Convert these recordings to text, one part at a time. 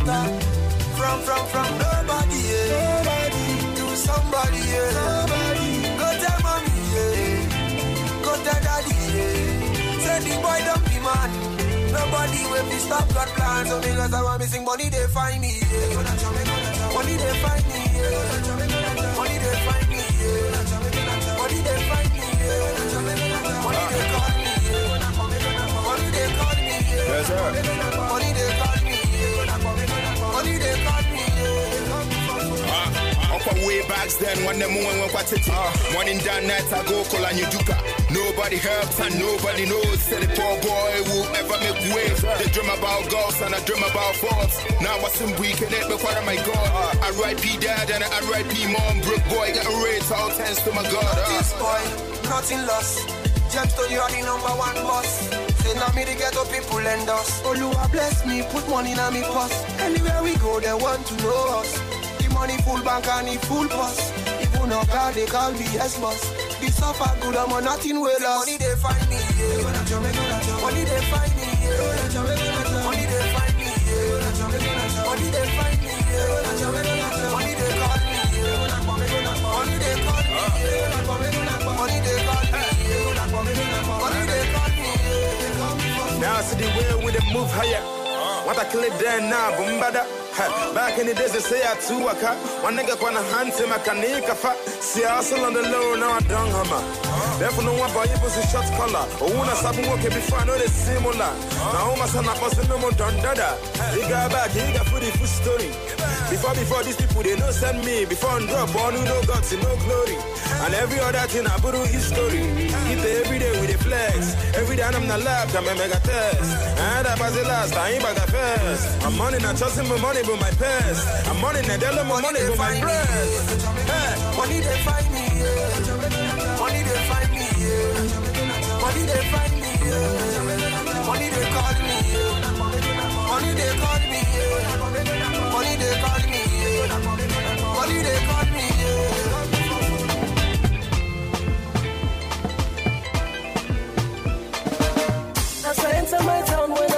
From, from, from nobody, yeah. Nobody. To somebody, yeah. Go tell mommy, yeah. Go tell daddy, yeah. Say the boy don't be man. Nobody will be stop God plans. So because I want missing money, they find me, yeah. Money, they find me, yeah. Money, they find me, yeah. Money, they find me, yeah. Money, they call me, yeah. Money, they call me, yeah. Yes, sir. Money, they call me. Money they got me. Ah, way back then when the moon went quite it. Uh, ah. morning down night I go call on you duka. Nobody helps and nobody knows. Tell the poor boy will ever make waves. They dream about girls and I dream about faults. Now I seem weak and it before my god. I write ah. P dad and I write P mom. broke boy got raised all thanks to my god. Uh. This boy, nothing lost. Gems you are the number one boss. Everything me, the ghetto people end us. you Olua bless me, put money in me purse. Anywhere we go, they want to know us. The money full bank and the full purse. Even a car, they call me S-Bus. The suffer good, I'm on nothing well us. Money they find me, yeah. Money they find me, yeah. Money they find me, yeah. Money they find me, yeah. Money they call me, yeah. Money they call me, yeah. Money they call me, yeah. Money they call me, yeah. Now I see the way we they move higher. What I kill it there now, boom bada. Back in the days, they say I two a cut. One nigga wanna hunt him, I can make a fat. See, I hustle on the low, now I don't hammer. Therefore, no one buy you pussy shot color. Oh, when I stop working before I know they similar. Now, my son, I must no more done dada. He got back, he got pretty full story. Before, before these people, they no send me. Before I drop, born with no guts and no glory. And every other thing, I put history. Hit everyday with a flex. Every day I'm not laughed, I'm a mega test. And I pass the last, I ain't back at first. I'm money, not trusting my money money my purse. I'm money and they love my money with my breath. money they find me, Money they find me, Money they find me, Money they call me, Money they call me, Money they call me, Money they call me, I enter my town when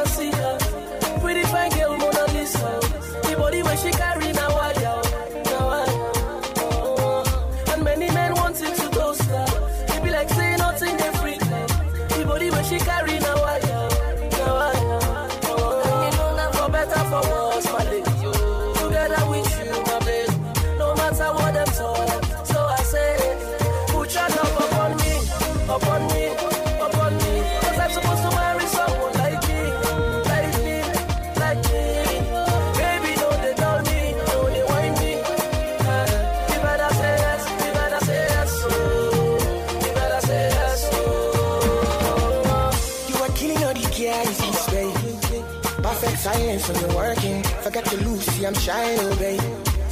silence when you're working. Forget to lose. See, I'm shining, oh, babe.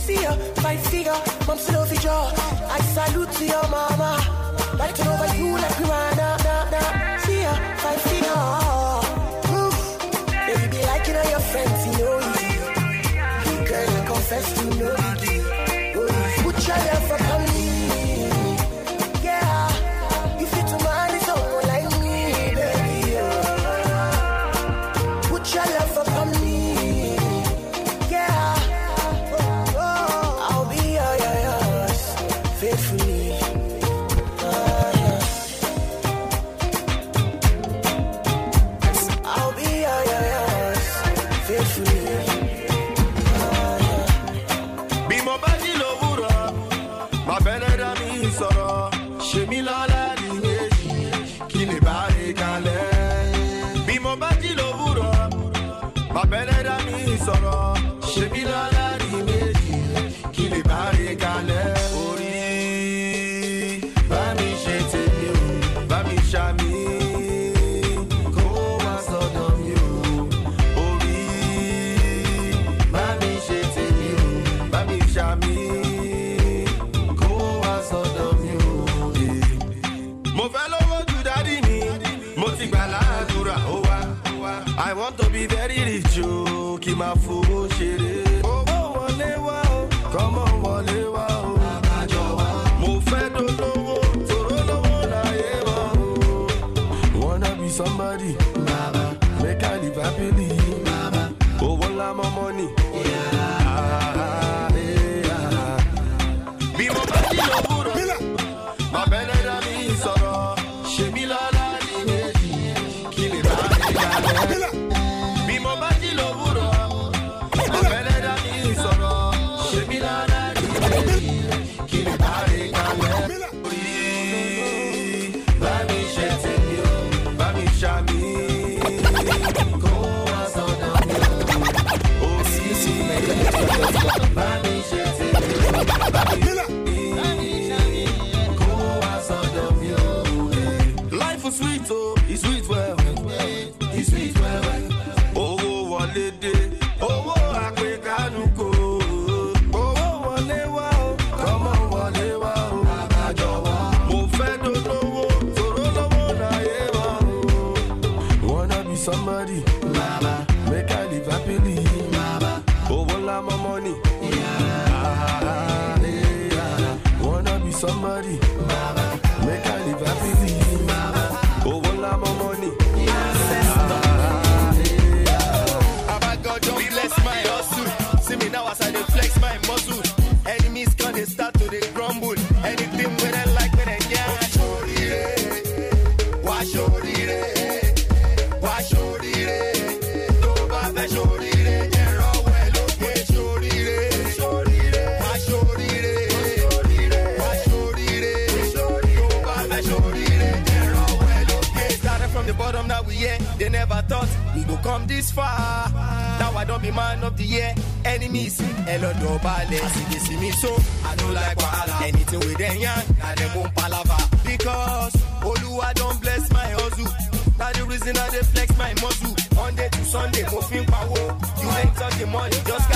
See ya, my figure, mom's still over jaw. I salute to your mama. Like to over you like Rihanna, nah, nah. the man of the year. Enemies, hello do balẹ̀. As see me so, I don't like wahala. Anything with them yarn, now them won't palava. Because Oluwa don't bless my hustle. Now the reason I dey flex my muscle. Monday to Sunday, moving power. You ain't talking money, just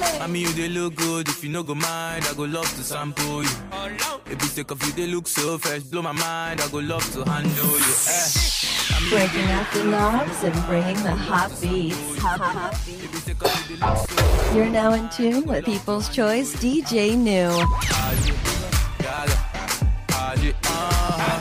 darling. I mean, you they look good. If you no go mind, I go love to sample you. If you take a few, they look so fresh. Blow my mind, I go love to handle you. Eh. I mean, Breaking up the knobs and bringing the hot beats. hot beats. You're now in tune with People's Choice DJ New. Ah,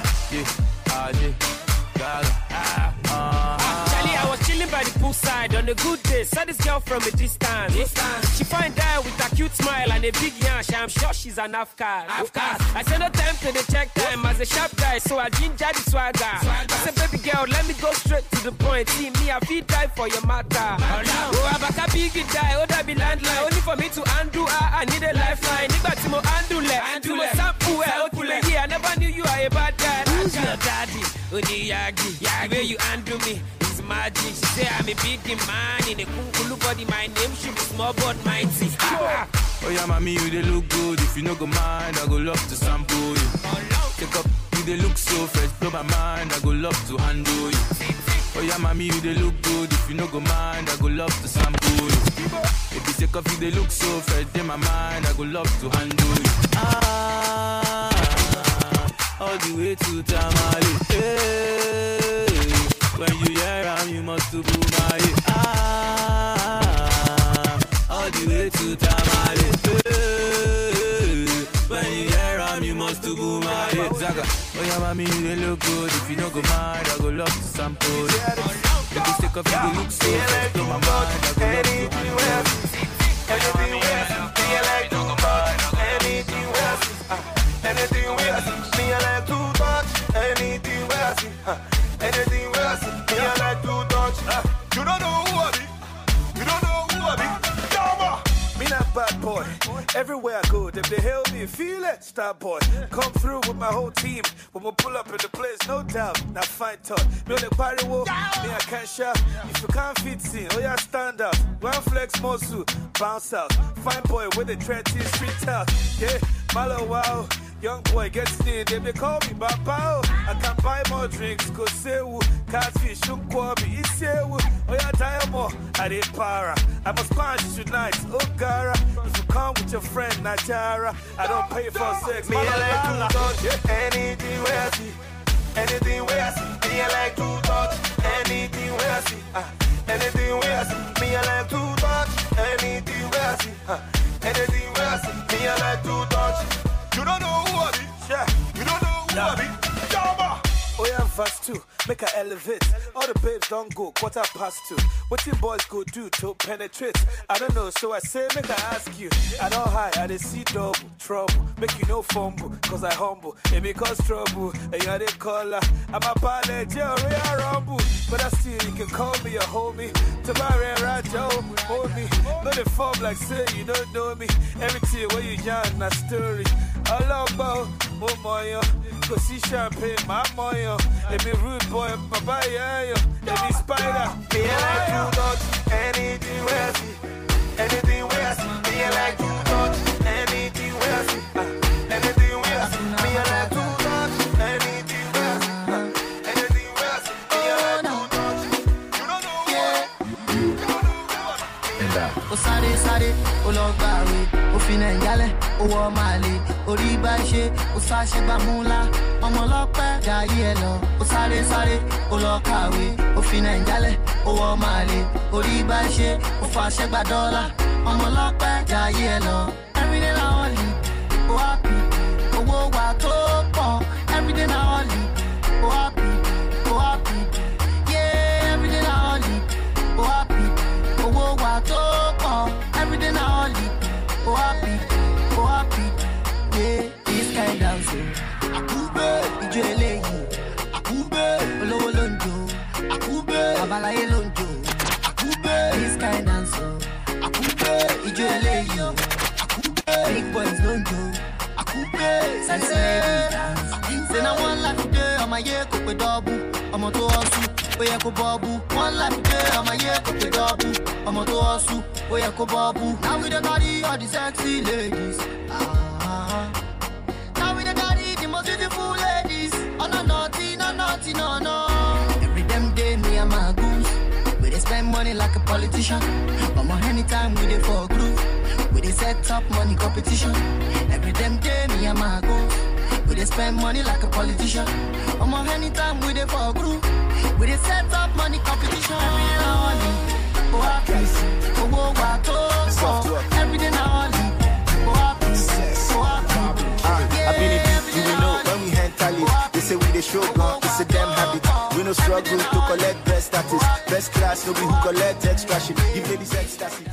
poolside on a good day. Saw this girl from a distance. distance. She find out with a cute smile and a big yash. I'm sure she's an Afghan. Afghan. I said no time to the check time as a sharp guy, so I ginger the swagger. swagger. I said, baby girl, let me go straight to the point. See me, I feel die for your matter. Oh, a big die, oh that be landline. Only for me to undo, I, ah, I need a lifeline. Nigga, Timo Andule, Timo Sampu, Okule. I never knew you are a bad guy. Who's your daddy? Odi Yagi, Yagi, where you undo me? magic. She say I'm a big man in a cool body. My name should be small but mighty. Oh yeah, mommy, you they look good. If you no go mind, I go love to sample you. Take up, you they look so fresh. Blow my mind, I go love to handle you. Oh yeah, mommy, you they look good. If you no go mind, I go love to sample you. If you take off, you they look so fresh. In my mind, I go love to handle you. Ah, all the way to Tamale. Hey. When you hear am, you must to boo my ah, all the way to Tamale. when you hear am, you must to boo my Zaga, oh yeah, mommy, you dey look good. If you no go mind, I go love to sample. If you take off, you go look so good. To my mind, I go love to sample. Anything we ask, me I like to touch. Anything we ask, anything we ask, me I like to touch. Anything we ask, anything. Everywhere I go, them they help me feel it. Star boy, come through with my whole team. When we pull up in the place, no doubt. Now fight talk, on the wall, Me I can't shout. If you can't fit in, oh yeah, stand up. One flex muscle, bounce out. Fine boy with the trenches, street out. Yeah, Malo wow. Young boy gets sneered, they may call me Baba. Oh. I can buy more drinks, go say woo. Catfish, shook kwabi, isewu. Oh, yeah, time more, I did para. I'm a sponge tonight, oh, Gara. If you come with your friend, Najara, I don't pay for sex, me. I like to touch anything where I see. Anything where I see. Me, I like to touch anything where I see. Ah, anything where I see. Me, I like to touch anything where I see. Ah, anything where I see. Me, I like to touch. verse 2, make her elevate. All the babes don't go, quarter past 2. What you boys go do to penetrate? I don't know, so I say, make I ask you. I don't hide, I didn't see double trouble. Make you no fumble, cause I humble. It may cause trouble, and you're the caller. I'm a pilot, Jerry, I rumble. But I still, you can call me a homie. Tomorrow, Rajo, hold me. Know the form like say you don't know me. Everything where you yarn, a story ọlọ́gbọ́ mo mọ̀yàn kò sí champagne máa Let me rude boy bàbá ìyá ẹ̀yàn èmi spider. me like you not anything wey I see anything wey I see me like you. ó sáré sáré ó lọ gbàwé ó fi náà yálẹ̀ ó wọ máa lè orí bá ṣe ó sáṣẹ gbàmúlá ọmọ ọlọ́pẹ́ jayé ẹ lọ ó sáré sáré ó lọ kàwé ó fi náà yálẹ̀ ó wọ máa lè orí bá ṣe ó fàṣẹ gbàdọ́là ọmọ ọlọ́pẹ́ jayé ẹ lọ. everyday na only ó happy owó wa tó. say na one life dey ọmọ ayé kò pé dọ́ọ̀bù ọmọ tó ọ sùn ó yẹ kó bọ́ọ̀bù one life dey ọmọ ayé kò pé dọ́ọ̀bù ọmọ tó ọ sùn ó yẹ kó bọ́ọ̀bù. now we dey carry all the sexy ladies. Ah. now we dey carry the most beautiful ladies. ọ̀nà oh, nọ̀tì no nọ̀tì no no. every damn day me and my goons we dey spend money like a politician ọmọ anytime we dey for groove they set up money competition. Every damn day, me and my go. We they spend money like a politician. I'm on anytime we they for a group. We they set up money competition. Every day, only. Oh, happiness. Oh, oh, what oh, so. Every day, only. Oh, happiness. Oh, happiness. Uh, I've been in beat, you know when we hand oh, tally. They say we they show gun, it's a damn oh, oh, habit. We no struggle to collect best status. Best class, no be who collect extra shit. Give ladies ecstasy.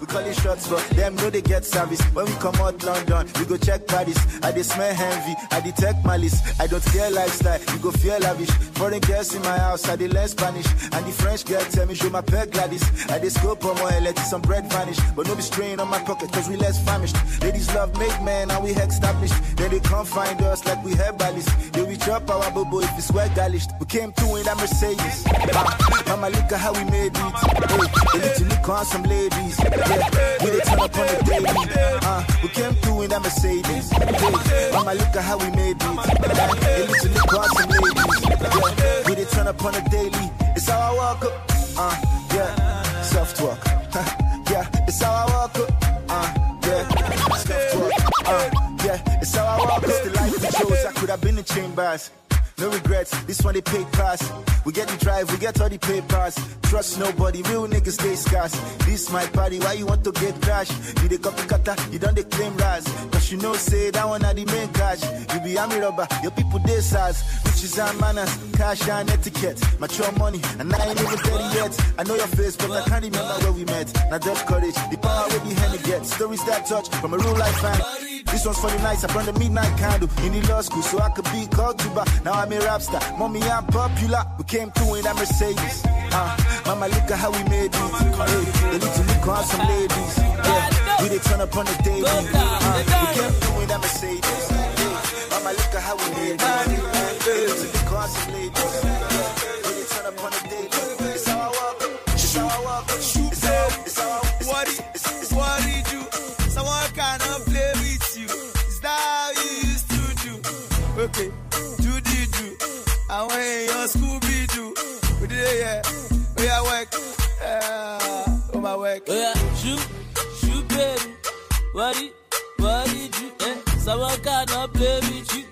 We call it shots, but them know they get service. When we come out London, we go check Paris. I dey smell envy, I detect malice. I don't care lifestyle, you go feel lavish. Foreign girls in my house, I dey learn Spanish. And the French girl tell me, show my pet Gladys. I just scope on my let some bread vanish. But no be strain on my pocket, cause we less famished. Ladies love make man, and we established. Then they come find us like we have bodies. They we chop our bubble if it's well garnished. We came through in a Mercedes. Mama, look at how we made it. Hey, they need to look on some ladies series. We the turn up on the daily. Uh, we came through in a Mercedes. Hey, mama, look at how we made it. It looks like boss some ladies. Yeah. We the turn up on the daily. It's how I walk up. Uh, yeah. Soft talk. yeah, it's how I walk up. Uh, yeah. self walk. Uh, yeah, it's how I walk up. It's the life we chose. I could have been in chain no regrets, this one they pay price. We get the drive, we get all the papers. Trust nobody, real niggas stay scarce. This my party, why you want to get trash? You the copy cutter, you don't claim rise. Cause you know, say that one are the main cash. You be army rubber, your people they size. Riches and manners, cash and etiquette. Mature money, and I ain't even 30 yet. I know your face, but I can't remember where we met. Now that's courage, the power will be handy get. Stories that touch from a real life fan. This one's for the nights, I burn the midnight candle in the law school so I could be called to by. Now I'm a rap star. Mommy, I'm popular. We came through in a Mercedes. Uh, mama, look at how we made it. Hey, they need to look on some ladies. Yeah, we they turn up on the day, Uh, ah, we came through in a Mercedes. Hey, mama, look at how we made it. They need to look on some ladies. we they turn up on the daily. It's how I It's It's It's It's Okay. yeah, yeah. We are work. Yeah. Oh, my work. We are shoot, shoot, baby. What did, what did you, eh? Someone cannot play with you.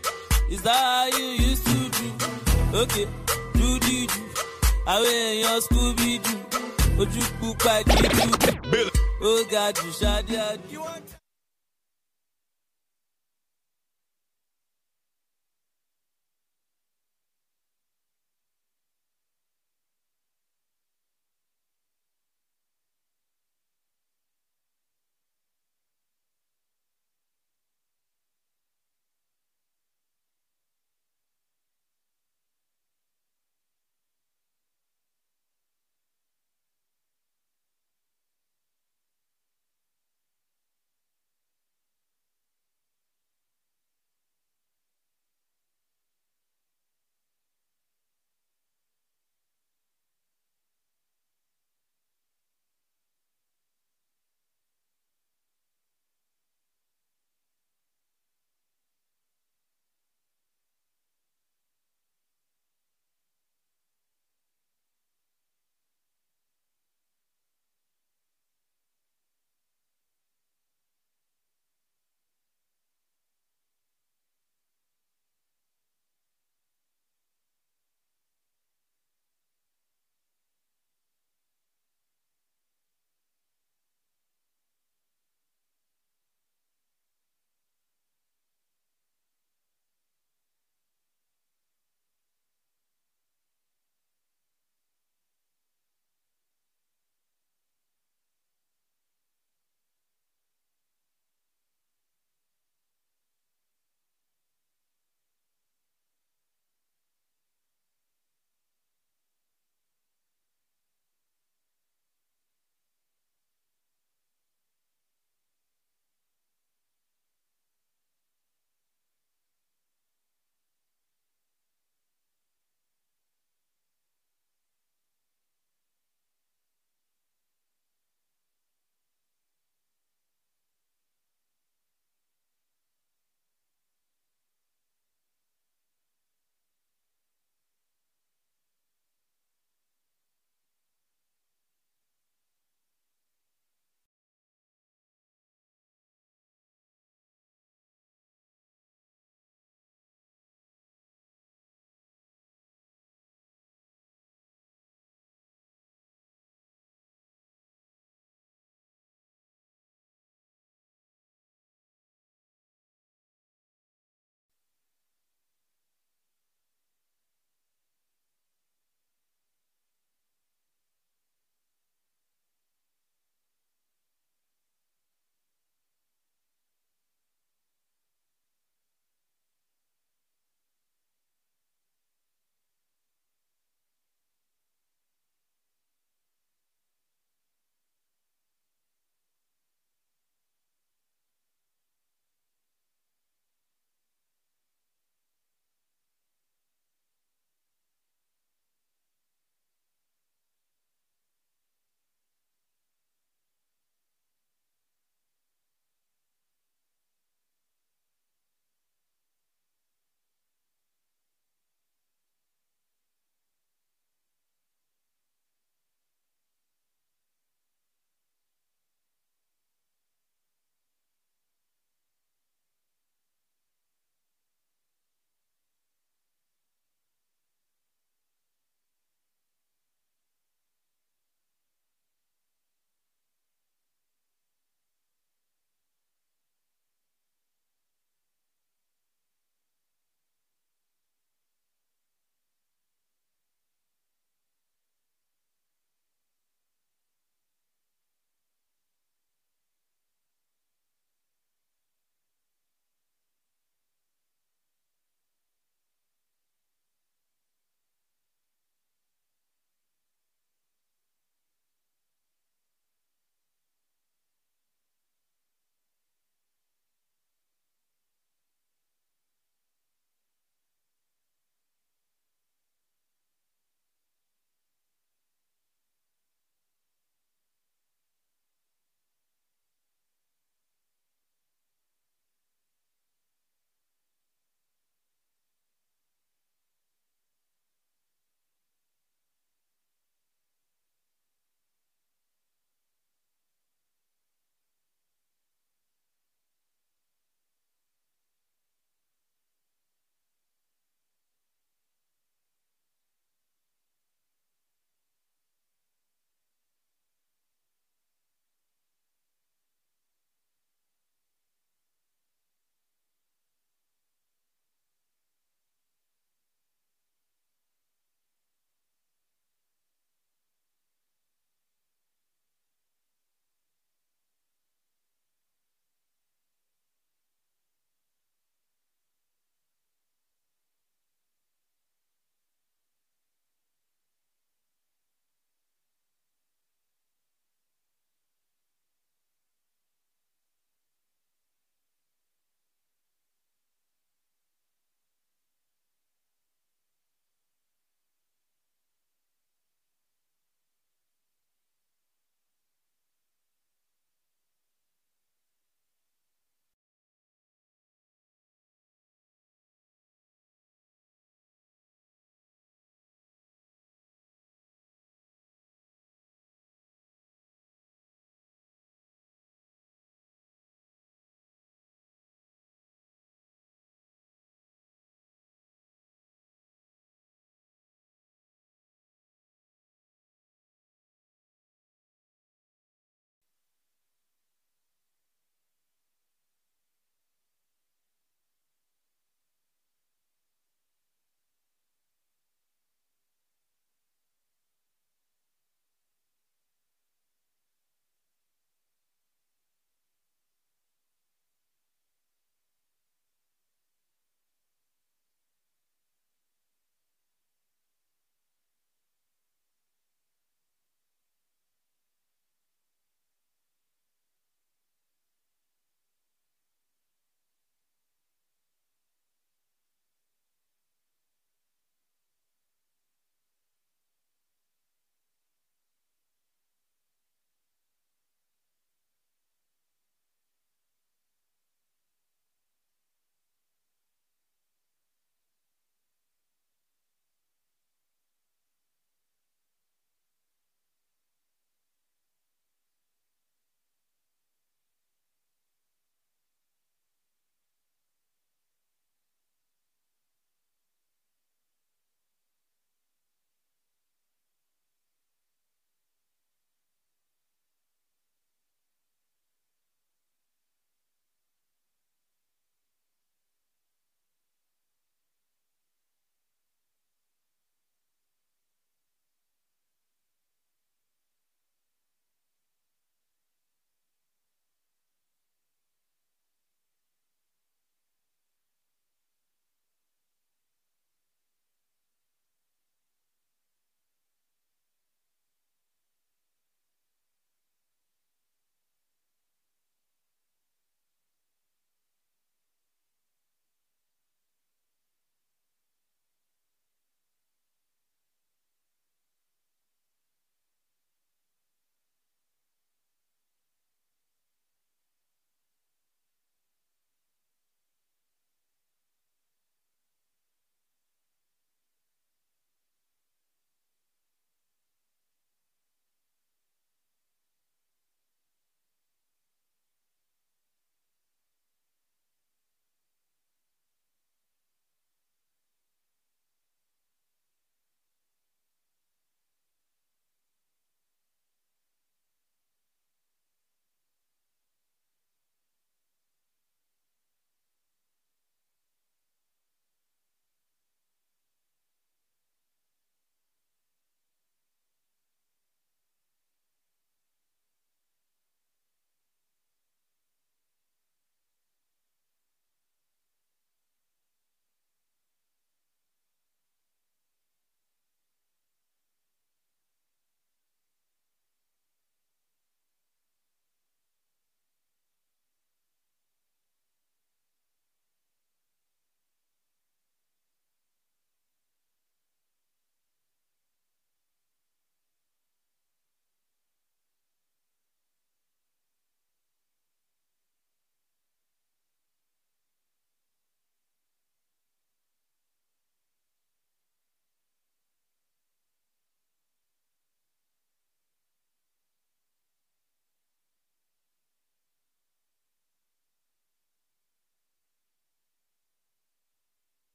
Is that how you used to do? Okay, do, do, do. I wear your Scooby-Doo. Would you poop like you do? Oh, God, you shot, yeah. You want